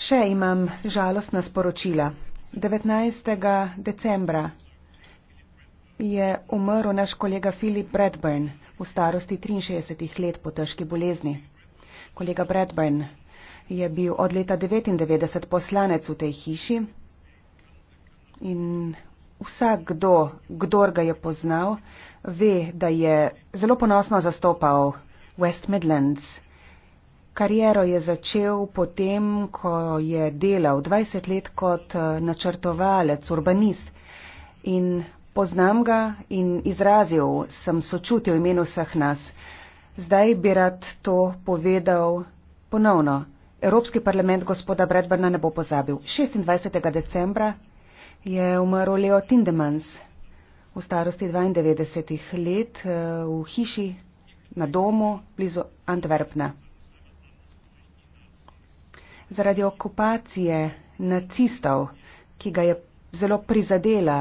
Še imam žalostna sporočila. 19. decembra je umrl naš kolega Filip Bradburn v starosti 63 let po težki bolezni. Kolega Bradburn je bil od leta 99 poslanec v tej hiši in vsak, kdo, kdor ga je poznal, ve, da je zelo ponosno zastopal West Midlands. Kariero je začel potem, ko je delal 20 let kot eh, načrtovalec, urbanist. In poznam ga in izrazil sem sočutje v imenu vseh nas. Zdaj bi rad to povedal ponovno. Evropski parlament gospoda Bradburna ne bo pozabil. 26. decembra je umrl Leo Tindemans v starosti 92 let eh, v hiši na domu blizu Antwerpna zaradi okupacije nacistov, ki ga je zelo prizadela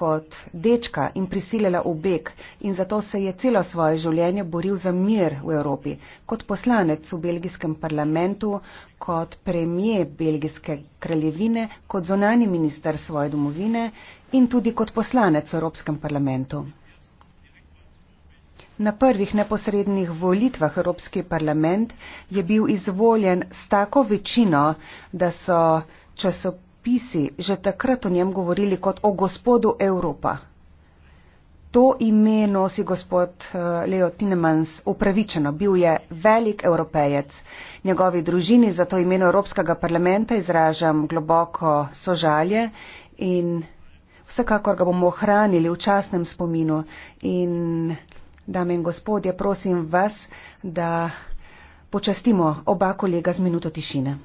kot dečka in prisilila v beg in zato se je celo svoje življenje boril za mir v Evropi. Kot poslanec v belgijskem parlamentu, kot premije belgijske kraljevine, kot zonani minister svoje domovine in tudi kot poslanec v Evropskem parlamentu. Na prvih neposrednih volitvah Evropski parlament je bil izvoljen s tako večino, da so časopisi že takrat o njem govorili kot o gospodu Evropa. To ime nosi gospod eh, Leo Tinemans upravičeno. Bil je velik evropejec. Njegovi družini za to imeno Evropskega parlamenta izražam globoko sožalje in vsekakor ga bomo ohranili v časnem spominu in Dame in gospodje, prosim vas, da počastimo oba kolega z minuto tišine.